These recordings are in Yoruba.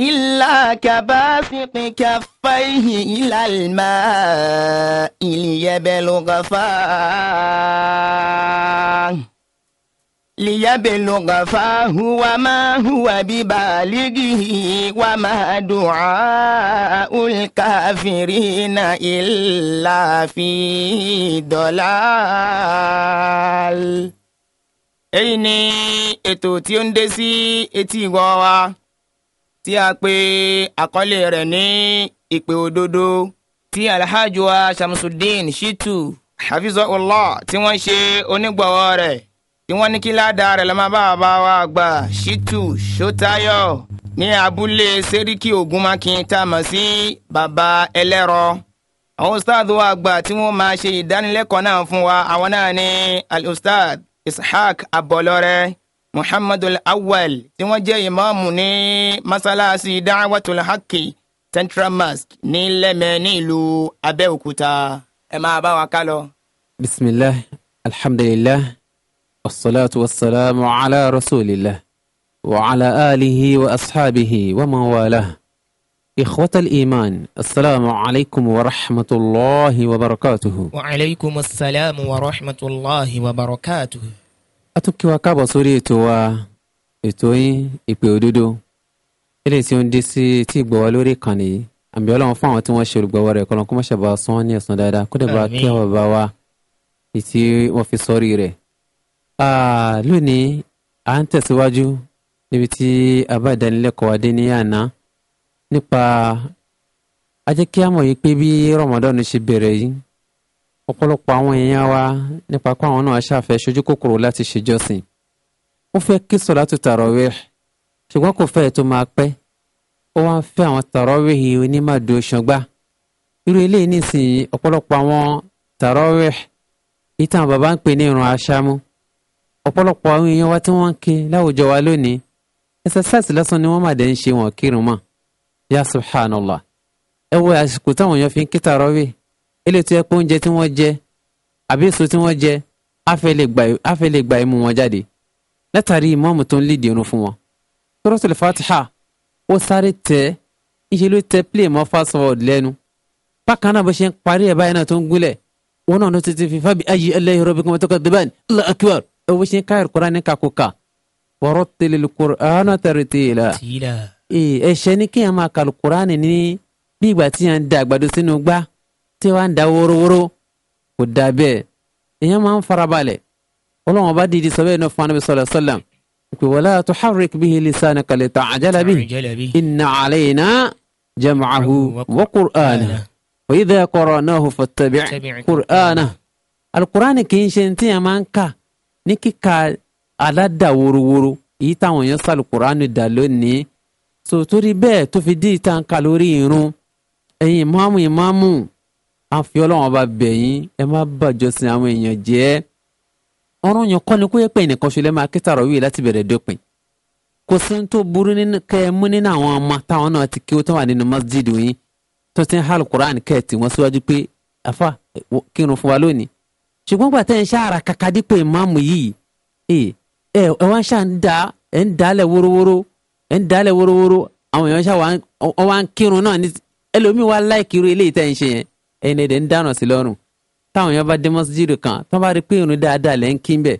إلا كباسط كفيه إلى الماء ليبلغ فاه ليبلغ فاه وما هو ببالغه وما دعاء الكافرين إلا في ضلال èyí ni ètò tí ó ń dé sí etí ìgbọ́ wa tí a pè àkọlé rẹ̀ ní ìpè òdodo tí alhaji wa shamsuddin shitu hafizahullah tí wọ́n ṣe onígbọ̀wọ́ rẹ̀ tí wọ́n ní kí ládàá rẹ̀ lọ́mọ bá bá wa gbà shitu sotayo ní abúlé seriki ogunmakin tá a mọ̀ sí baba ẹlẹ́rọ àwọn ustaad wa àgbà tí wọ́n máa ṣe ìdánilẹ́kọ̀ọ́ náà fún wa àwọn náà ní alustad ishaq abọlọrẹ محمد الأول تنوجه إمام ني مسألة دعوة الحق تنترا ماسك ني لماني لو أبي وكتا إما أبا وكالو بسم الله الحمد لله والصلاة والسلام على رسول الله وعلى آله وأصحابه ومن والاه إخوة الإيمان السلام عليكم ورحمة الله وبركاته وعليكم السلام ورحمة الله وبركاته a tún kí wa káàbọ̀ sórí ètò wa ètò yín ìpè òdodo eléyìí tí ó ń dé sí tí ìgbọ̀ wa lórí ìkànnì yìí àmì ọlọ́run fún àwọn tí wọ́n ṣe olùgbọ̀wọ́ rẹ̀ kọ́lọ́n kó má ṣàbà sán ní ẹ̀sán dáadáa kó dẹ̀ bá kí àwọn bàbá wa tí wọ́n fi sọ́rí rẹ̀. lónìí à ń tẹ̀síwájú níbi tí a bá ìdánilẹ́kọ̀ọ́ adé ní àná nípa a yìí pé bí Ramadan ṣe bẹ̀rẹ̀ yìí ọ̀pọ̀lọpọ̀ àwọn èèyàn wa nípa pé àwọn náà ṣàfẹ́ ṣojú kòkòrò láti ṣèjọ́sìn ó fẹ́ kí sọ̀látù tàràwíhì ṣùgbọ́n kò fẹ́ tó máa pẹ́ ó wá ń fẹ́ àwọn tàràwíhì onímàdó ṣọgbà irú eléyìí nísìnyí ọ̀pọ̀lọpọ̀ àwọn tàràwíhì yìí táwọn bàbá ń pè ní ìrun aṣámú ọ̀pọ̀lọpọ̀ àwọn èèyàn wa tí wọ́n ń ké láwùjọ wa lónìí ẹsẹsáàsì lásán ni wọ́n má dé ń ṣe wọn kírun mọ́ yá subhanallah ẹ wo àsìkò táwọn èèyàn fi ń kí tàràwíhì ilé tó yẹ pé oúnjẹ tí wọ́n jẹ àbí èso tí wọ́n jẹ á fẹ́ lè gba imú wọn jáde látàrí ìmọ̀ọ́mù tó ń lédè irun fún wọn. Suratul Fatiha ó sáré tẹ ìṣe ló tẹ pílẹ̀ mọ́ fásọ̀wọ̀d lẹ́nu bákan náà bó ṣe ń parí ẹ̀ báyìí náà tó ń gúnlẹ̀ wọn náà ló ti ti fi fábí ayyi Allahi rabbikuma tukadzibani Allahu akbar ẹ̀ bó ṣe ń káyọ̀ kúrá ní kakúkà warattilil Qur'ana tartila ẹ̀ṣẹ̀ ní kí yẹn máa kàlùkùrá ní bí ìgbà tí yẹn ń da àgbàdo sínú gbá tí wàá da wórówóró kò da bẹ́ẹ̀ èèyàn máa ń farabalẹ̀ ọlọ́run ọba dìde sọ bẹ́ẹ̀ náà fún anabi sallallahu alaihi wasallam pé wala tuharrik bihi lisanaka lita'jala bihi inna alayna jam'ahu wa qur'ana wa idha qara'nahu fattabi' qur'ana alukur'ani kì í ṣe tí a máa ń kà ní kíkà aládà wórówóró èyí táwọn èèyàn sàlùkùránù dà lónìí sòtórí bẹ́ẹ̀ tó fi dí ìtànkà lórí irun ẹ̀yin ìmáàmù ìmáàmù a fi ọlọ́wọ́n bá bẹ̀ yín ẹ má bàjọ́sìn àwọn èèyàn jẹ́ ọ̀run yẹn kọ́ ni kó yẹ pé ẹnìkan ṣe lẹ́mọ̀ akẹ́tàrọ̀ wíì láti bẹ̀rẹ̀ dópin kò sí tó burú kẹ́ ẹ mú nínú àwọn ọmọ táwọn náà ti kí ó tán wà nínú masjid yín tó ti ń hàl quran kẹ́ ẹ̀ tí wọ́n síwájú pé afa kírun fún wa lónìí ṣùgbọ́n gbàtẹ́ ń ṣàrà kàkà dípò ìmáàmù yìí ẹ ẹ wá ń ṣà ń dá ẹ ń dálẹ̀ wórówóró ẹ ń dálẹ̀ wórówóró àwọn èèyàn ṣà wá ń kírun náà ẹlòmíì wá láìkiri eléyìí tẹ́ ń ṣe yẹn ẹni ẹ̀dẹ̀ ń dáná sí lọ́rùn táwọn èèyàn bá dé mọ́síjìrì kan tó bá rí pé irun dáadáa lẹ́ ń kí bẹ̀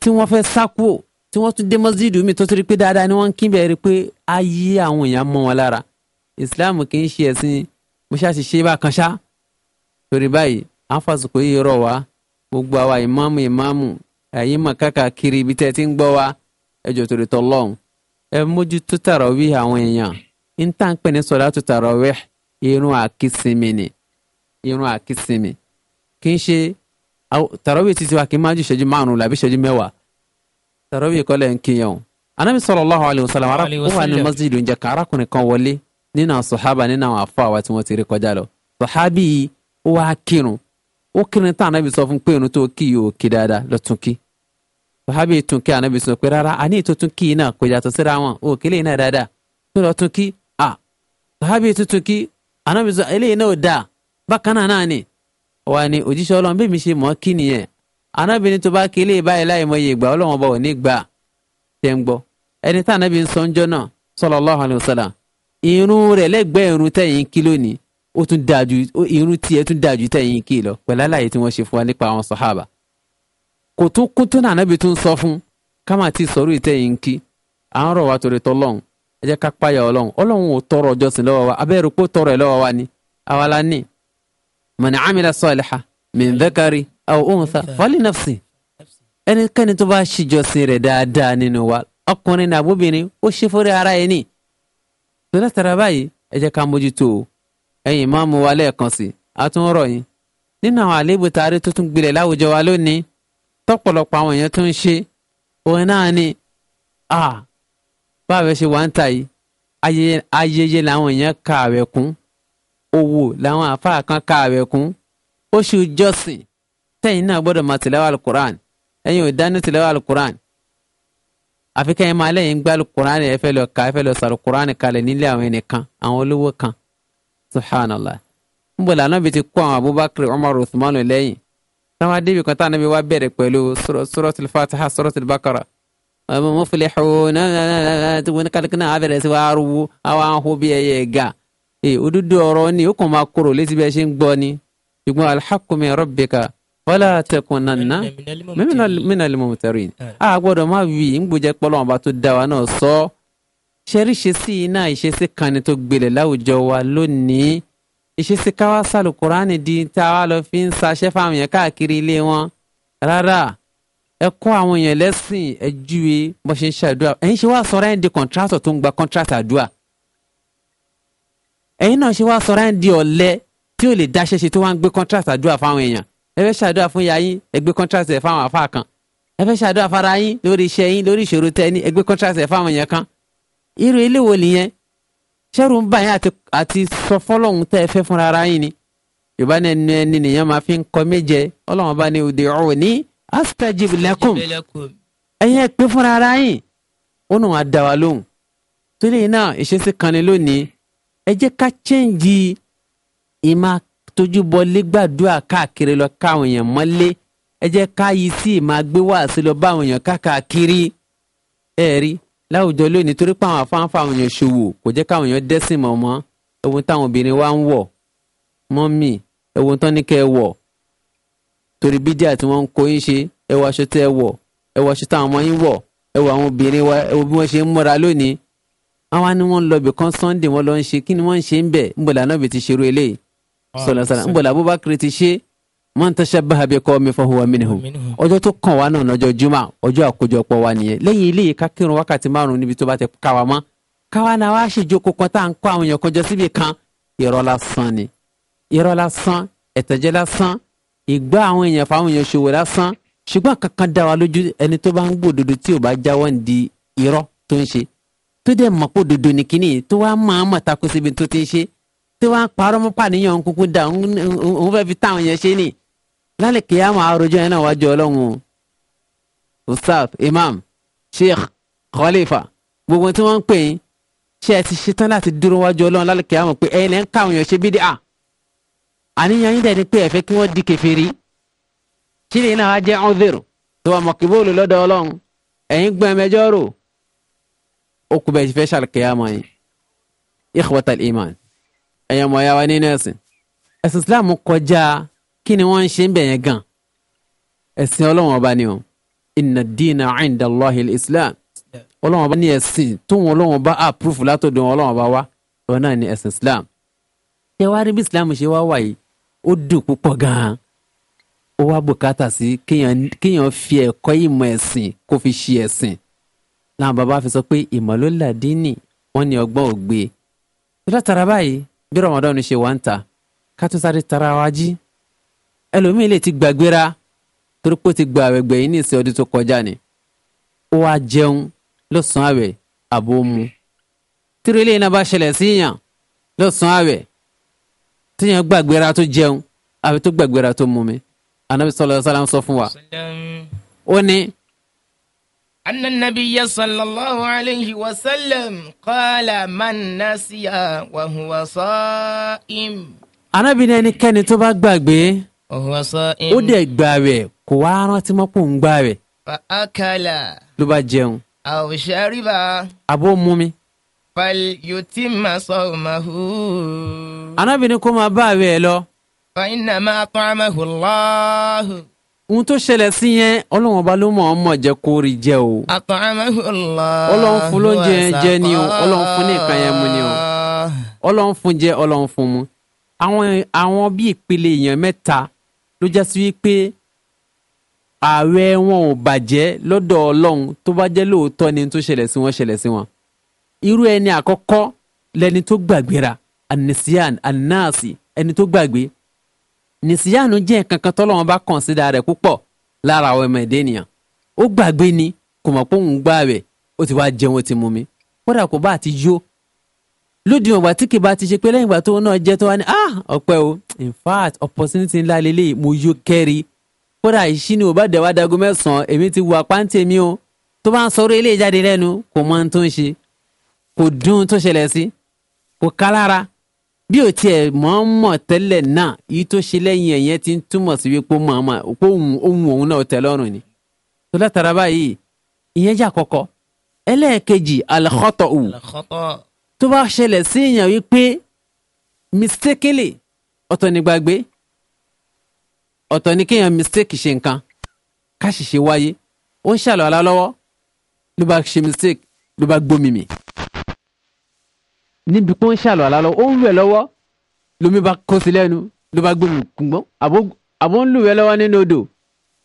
tí wọ́n fẹ́ sákò tí wọ́n tún dé mọ́síjìrì mi tó ti rí pé dáadáa ni wọ́n ń kí bẹ̀ rí pé ayé àwọn èèyàn mọ́ wọn lára Islam kì í ṣe ẹ̀sìn mọ́ṣáṣiṣe bá kan ṣá torí báyìí àfàsùkò yìí rọ̀ wá gbogbo àwa ìmáàmù ìmáàmù ẹ̀yin mọ̀ káàkiri ibi tẹ́ ti ń gbọ́ wa ẹjọ́ torí tọ́lọ́hún ẹ mójútó tàràwí àwọn èèyàn ń tà ń pè ní sọ̀látù irun àkísìmì ni irun àkísìmì kì í ṣe tàràwí títí wa kì í máa ju ìṣẹ́jú márùn-ún làbí ìṣẹ́jú mẹ́wàá tàràwí kọ́lẹ̀ ń kíyàn anabi sallallahu alayhi wa sallam ó wà ní masjid ń jẹ ká arákùnrin kan wọlé nínú àwọn sòhábà nínú àwọn àfọ àwa tí wọ́n ti rí kọjá lọ sòhábì yìí ó wá kírun ó kírun tá anabi sọ fún pé irun tó kí yóò kí dáadáa lọ tún kí sòhábì yìí tún kí anabi sọ pé rárá a ní ètò tún kí yìí náà kò yàtọ̀ síra wọn ò kílè yìí náà dáadáa tó lọ tún kí ah sòhábì yìí tún tún kí anábì sọ eléyìí náà dáa bákan náà náà ni wà ní òjíṣẹ́ ọlọ́run bí mi ṣe mọ̀ kí nìyẹn anábì ni tó bá kí eléyìí báyìí láì mọye ìgbà ọlọ́run ọba ò ní gbà ṣe ń gbọ́ ẹni tá anábì ń sọ ńjọ́ náà sallallahu alaihi wasallam irun rẹ̀ lẹ́gbẹ̀ẹ́ irun tẹ̀yìn kí lónìí ó tún dáa ju irun tiẹ̀ tún dáa ju tẹ̀yìn kí lọ pẹ̀lú àlàyé tí wọ́n ṣe fún wa nípa àwọn sàhábà kò tún kún tó náà tún sọ fún ká má ti sọ̀rọ̀ ìtẹ̀yìn kí à ń torí tọ́lọ́run ẹ jẹ́ ká páyà ọlọ́run ọlọ́run ò tọrọ ọjọ́sìn lọ́wọ́ wa abẹ́rù pé ó tọrọ ẹ̀ lọ́wọ́ wa ni àwa la ní man amila salihan min dhakari aw untha fali nafsi ẹnikẹ́ni tó bá ṣèjọ́sìn rẹ̀ dáadáa nínú wa ọkùnrin náà bóbìnrin ó ṣe fúnra ara ẹ̀ ní. tọ́lá tara báyìí ẹ jẹ́ ká mójútó o ẹ̀yin máa mú wa lẹ́ẹ̀kan sí a tún rọ̀ báàbẹ̀ ṣe wà ń ta yìí ayẹyẹ làwọn èèyàn ka àwẹ̀ kún owó làwọn àfáà kan ka àwẹ̀ kún oṣù jọ́sìn tẹ̀yìn náà gbọ́dọ̀ máa tìlẹ́wà alukuran ẹ̀yin ò dání tìlẹ́wà alukuran àfi kẹ́yìn máa lẹ́yìn gbá alukuran ẹ fẹ́ lọ ka ẹ lọ sàrò kuran kalẹ̀ nílé àwọn ẹnìkan àwọn olówó kan subhanallah ń bọ̀ lànà bìí ti kó àwọn Abubakar Umar Uthman lẹ́yìn táwọn adébìkan táwọn anábì wá bẹ̀rẹ̀ pẹ̀lú suratul Fatiha suratul Baqara mufilihun tuguni kalikina abẹrẹ sí wàá rúwú àwọn ahun bí ẹyẹ ẹga òdodo eh, ọ̀rọ̀ ni ó kàn máa kúrò létí bẹ ṣe ń gbọ́ ni ṣùgbọ́n alhaqqu min rabbika wala takunanna minal mumtarin a gbọ́dọ̀ má wí ngbọjẹ pọlọ ọba tó dá wa náà sọ ṣẹríṣe sí iná ìṣesí kan ni tó gbilẹ̀ láwùjọ wa lónìí ìṣesí káwá sálùkùránì di tá a wá lọ fi ń sa ṣẹ́fà àwọn yẹn káàkiri ilé wọn rárá ẹ kọ́ àwọn èèyàn lẹ́sìn ẹ júwe bó ṣe ń ṣàdúrà ẹ̀yin ṣe wá sọ̀rọ̀ ẹ̀ ń di kọ̀ntrátọ̀ tó ń gba kọ́ntrátọ̀ àdúrà ẹ̀yin náà ṣe wá sọ̀rọ̀ ẹ̀ ń di ọ̀lẹ tí ò lè dáṣẹ́ ṣe tó wá ń gbé kọ́ntrátọ̀ àdúrà fáwọn èèyàn ẹ fẹ́ ṣàdúrà fún ya yín ẹ gbé kọ́ntrátọ̀ ẹ̀ fáwọn afá kan ẹ fẹ́ ṣàdúrà fara yín lórí iṣẹ́ yín lórí ìṣòro tẹ ní ẹ gbé kọ́ntrátọ̀ ẹ̀ fáwọn èèyàn kan irú ilé wo nìyẹn ṣẹ́rù ń bà yín àti sọ fọ́lọ́hún tẹ́ ẹ fẹ́ fúnra ara yín ni yorùbá ní ẹni nìyẹn máa fi ń kọ méje ọlọ́run bá ní òde ọ̀hún ní astajib lakum ẹ̀yin ẹ pé fúnra ara yín ó nù wá dá wa lóhùn torí náà ìṣesí kan ni lónìí ẹ jẹ́ ká chẹ́ǹjì ìmá tójú bọ lẹ́gbàdúrà káàkiri lọ káwọn èèyàn mọ́lé ẹ jẹ́ ká yí sí ìmá gbé wàásù lọ báwọn èèyàn káàkiri ẹ rí láwùjọ lónìí torí pé àwọn afáǹfà àwọn èèyàn ṣòwò kò jẹ́ káwọn èèyàn dẹ́sìn mọ̀ mọ́ ohun táwọn obìnrin wa ń wọ̀ mọ́mì ohun tán ní kẹ́ ẹ wọ̀ torí bídíà tí wọ́n ń kó yín ṣe ẹ wọ aṣọ tẹ́ ẹ ẹ wọ aṣọ ọmọ yín wọ̀ ẹ wọ àwọn obìnrin wa ẹ wọ bí wọ́n ṣe ń múra lónìí ni wọ́n lọ bì kan Sunday wọ́n lọ ń ṣe kí ni wọ́n ń ṣe ń bẹ̀ ń náà ti ṣerú eléyìí sọlọsọlọ Abubakar ti ṣe juma ọjọ́ àkójọpọ̀ wa nìyẹn lẹ́yìn wákàtí márùn-ún níbi tó bá ti mọ́ káwa náà wá kan tá kan jọ síbi kan ni ìgbà àwọn èèyàn fáwọn èèyàn ṣòwò lásán ṣùgbọ́n kankan dá wa lójú ẹni tó bá ń gbòdodo tí ò bá jáwọ́ ń di irọ́ tó ń ṣe tó dẹ̀ mọ̀ pé dodo ní kínní tó wá máa mọ̀ tako síbi tó ti ń ṣe tó wá parọ́ mọ́ pàníyàn ń kúkú dà òun fẹ́ fi táwọn yẹn ṣe nì lálẹ́ kìí àmọ́ àròjọ́ yẹn náà wájú ọlọ́run o ustaz imam sheikh khalifa gbogbo tí wọ́n ń pè yín ṣé ẹ ti ṣetán láti dúró wájú ọlọ́run lálẹ́ kìí àmọ́ pé ẹ̀yin lẹ́ ń káwọn yẹn ṣe bídíà àníyàn yín dẹ̀ ni pé ẹ fẹ́ kí wọ́n di kèfèrí tí lè náà wá jẹ́ ọ̀dẹ́rù tó wà mọ̀kìbóòlù lọ́dọ̀ ọlọ́run ẹ̀yin gbọ́n mẹjọ́ rò ó kú bẹ́ẹ̀ fẹ́ ṣàlùkìyàmọ̀ yín ikhwata al-iman ẹ̀yin ọmọ ya wa nínú ẹ̀sìn ẹ̀sìn Islam kọjá kí ni wọ́n ń ṣe ń bẹ̀ yẹn gan ẹ̀sìn ọlọ́run ọba ni o inna dina 'inda Allahi al-Islam ọlọ́run ọba ní ẹ̀sìn tóun ọlọ́run ọba approve látọ̀dọ̀ ọlọ́run ọba wa ọ̀nà ni ẹ̀sìn Islam ṣé wàá rí bí islam ṣe wá wà yìí ó dùn púpọ̀ gan-an ó wá bùkátà sí kéèyàn fi ẹ̀kọ́ ìmọ̀ ẹ̀sìn kó fi ṣe ẹ̀sìn làwọn bàbá fi sọ pé ìmọ̀ ló làdí nì wọ́n ní ọgbọ́n ò gbé e látara báyìí bí Ramadan ṣe wà ń ta ká tara wa jí ẹlòmíì lè ti gbàgbéra torí pé ó ti gba àwẹ̀gbẹ̀ yìí ní ìsìn ọdún tó kọjá ni ó wá jẹun lọ́sàn-án àwẹ̀ àbó mu tírílẹ̀ iná bá ṣẹlẹ̀ síyàn lọ́sàn-án àwẹ̀ téèyàn gbàgbéra tó jẹun àbí tó gbàgbéra tó mumi anabi sọlọ sálám sọ fún wa. ó ní. أن النبي صلى الله عليه وسلم قال من نسي وهو صائم arábìnrin ẹnikẹ́ni tó bá gbàgbé ó dẹ̀ gbààwẹ̀ kò wá rántí mọ́ pò ń gbààwẹ̀. fa akala. ló bá jẹun. aw shariba. àbó mumi falyutimma sawmahu. anábìnrin kó máa bá àwẹ̀ ẹ̀ lọ. fa innama at'amahu Allah. ohun tó ṣẹlẹ̀ sí yẹn ọlọ́run ọba ló mọ̀ ọ́n mọ̀ jẹ́ kó rí jẹ́ o. at'amahu Allah. ọlọ́run fún ló ń jẹ jẹ ni o ọlọ́run fún ní nǹkan yẹn mu ni o ọlọ́run fún jẹ ọlọ́run fún mu. àwọn àwọn bí ìpele èèyàn mẹ́ta ló já sí wípé ààwẹ̀ wọn ò bàjẹ́ lọ́dọ̀ ọlọ́run tó bá jẹ́ lóòótọ́ ni tó ṣẹlẹ̀ sí wọn ṣẹlẹ̀ sí wọn irú ẹni àkọ́kọ́ lẹni tó gbàgbéra anisiyan anasi ẹni tó gbàgbé nisiyanu jẹ́ kankan tọ́lọ́wọ́n bá kọ̀nsídà rẹ̀ púpọ̀ lára àwọn ọmọ ẹ̀dẹ́ ènìyàn ó gbàgbé ni kò mọ̀ pé òun gbà rẹ̀ ó ti wá jẹun ó ti mú mi kódà kò bá ti yó lódì ìwà tí kìbá ti ṣe pé lẹ́yìn ìgbà tó náà jẹ́ tó wá ní ah ọpẹ́ o in fact opportunity ńlá lélẹ̀ mo yó kẹ́rì kódà ìṣínú ò bá dẹ̀ wá dago mẹ́sàn-án èmi ti wà pàǹtí mi o tó bá ń sọ orí ilé ìjáde lẹ́nu kò mọ ohun tó ń ṣe kò dùn tó ṣẹlẹ̀ sí kò kálára bí ò tiẹ̀ mọ̀ọ́mọ̀ tẹ́lẹ̀ náà yìí tó ṣe lẹ́yìn ẹ̀yẹn ti ń túmọ̀ sí wípé mọ̀ọ́mọ̀ pé ohun òun náà tẹ́ lọ́rùn ni tó látara báyìí ìyẹn jẹ́ àkọ́kọ́ ẹlẹ́ẹ̀kejì alẹ́kọ́tọ̀ ò tó bá ṣẹlẹ̀ sí èèyàn wípé mistakenly ọ̀tọ̀ ní gbàgbé ọ̀tọ̀ ní kéèyàn mistake ṣe nǹkan káṣìṣe wáyé ó ń ṣàlọ́ àlá lọ́wọ́ ló bá ṣe mistake ló bá gbómi mi níbi kó ń ṣàlọ́ àlá lọ ó ń wẹ̀ lọ́wọ́ lómi bá kó sí lẹ́nu ló bá gbóhùn kùngbọ́n àbó ń lùwẹ̀ lọ́wọ́ nínú odò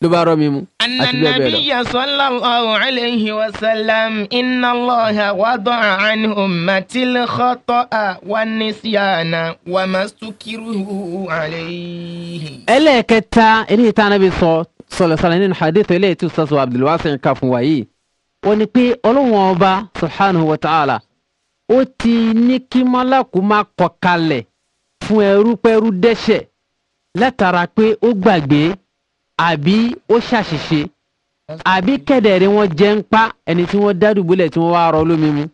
ló bá rọ́ mi mu àti bẹ́ẹ̀ bẹ́ẹ̀ lọ. annabi sallallahu alayhi wa sallam inna allaha wada'a an ummatil khata'a wa nisyana wa masukiruhu alayhi. ẹlẹ́ẹ̀kẹta eléyìí tá a nábì sọ sọlọsọlọ nínú hadith eléyìí tí sọ́sọ́ abdulwasi ń kà fún wa yìí wọ́n pé ọlọ́wọ́n ọba subhanahu wa ta'ala ó ti ní kí mọ́lákù máa kọ̀ kalẹ̀ fún ẹrúpẹ́rú dẹ́ṣẹ̀ látara pé ó gbàgbé àbí ó ṣàṣìṣe àbí kẹ̀dẹ̀rẹ́ wọn jẹ́ ń pa ẹni tí wọ́n dádùbúlẹ̀ tí wọ́n wá rọ lómi mu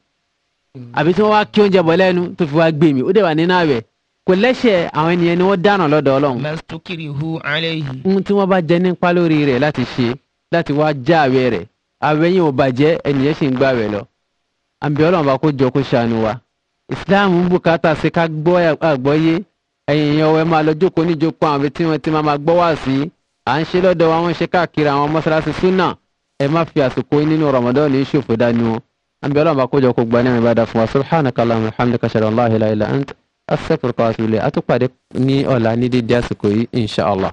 àbí tí wọ́n wá kí oúnjẹ bọ̀ lẹ́nu tó fi wá gbé mi ó dẹ̀ wà nínú àwẹ̀ kò lẹ́ṣẹ̀ àwọn ènìyàn ni wọ́n dànù lọ́dọ̀ ọlọ́run. mastukiri hu alayhi. ohun tí wọ́n bá jẹ nípa lórí rẹ̀ láti ṣe láti wá já àwẹ̀ rẹ̀ àwẹ̀ yìí ò bàjẹ́ ènìyàn sì ń gbàwẹ̀ lọ àbí ọlọ́run bá kó jọ kó ṣàánú wa islam ń bùkátà sí ká gbọ́ àgbọ́yé ẹ̀yìn èèyàn ọ̀wẹ́ máa lọ jókòó níjókòó àwọn ibi tí wọ́n ti máa gbọ́ wá sí à ń ṣe lọ́dọ̀ wa wọ́n ṣe káàkiri àwọn mọ́ṣáláṣí súnà ẹ má fi àsìkò nínú ramadan ní ṣòfò dání o àbí ọlọ́run bá kó jọ kó gba ní ìbádà fún wa subhanaka allahumma hamdaka shara allah ilaha illa ant astaghfiruka wa atubu ilayk àtúpàdé ní ọ̀la ní de àsìkò yìí insha allah.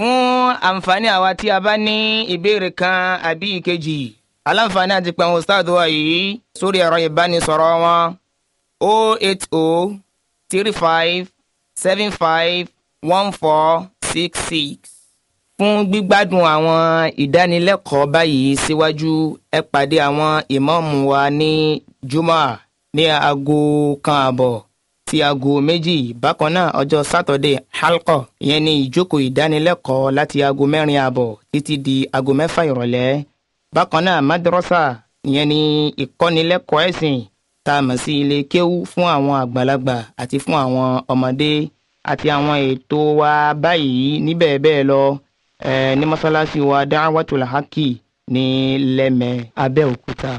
fún àǹfààní àwa tí a bá ní ìbéèrè kan àbí ìkejì aláǹfààní àti pẹ̀hún ustaadu wa yìí sórí ẹ̀rọ ìbánisọ̀rọ̀ wọn o oh eight o oh three five seven five one four six six fún gbígbádùn àwọn ìdánilẹ́kọ̀ọ́ báyìí síwájú ẹ pàdé àwọn ìmáàmù wa ní juma ní aago kan àbọ̀ ti aago méjì bákan náà ọjọ́ sátọ̀dé halkọ ìyẹn ni ìjókòó ìdánilẹ́kọ̀ọ́ láti aago mẹ́rin ààbọ̀ títí di aago mẹ́fà ìrọ̀lẹ́ bákan náà madrasa ìyẹn ni ìkọ́nilẹ́kọ̀ọ́ ẹ̀sìn tá a mọ̀ sí ilé kéwú fún àwọn àgbàlagbà àti fún àwọn ọmọdé àti àwọn ètò wa báyìí níbẹ̀ bẹ́ẹ̀ lọ ní mọ́sálásí wa Da'watul Haqi ní lẹ́mẹ̀ẹ́ Abẹ́òkúta.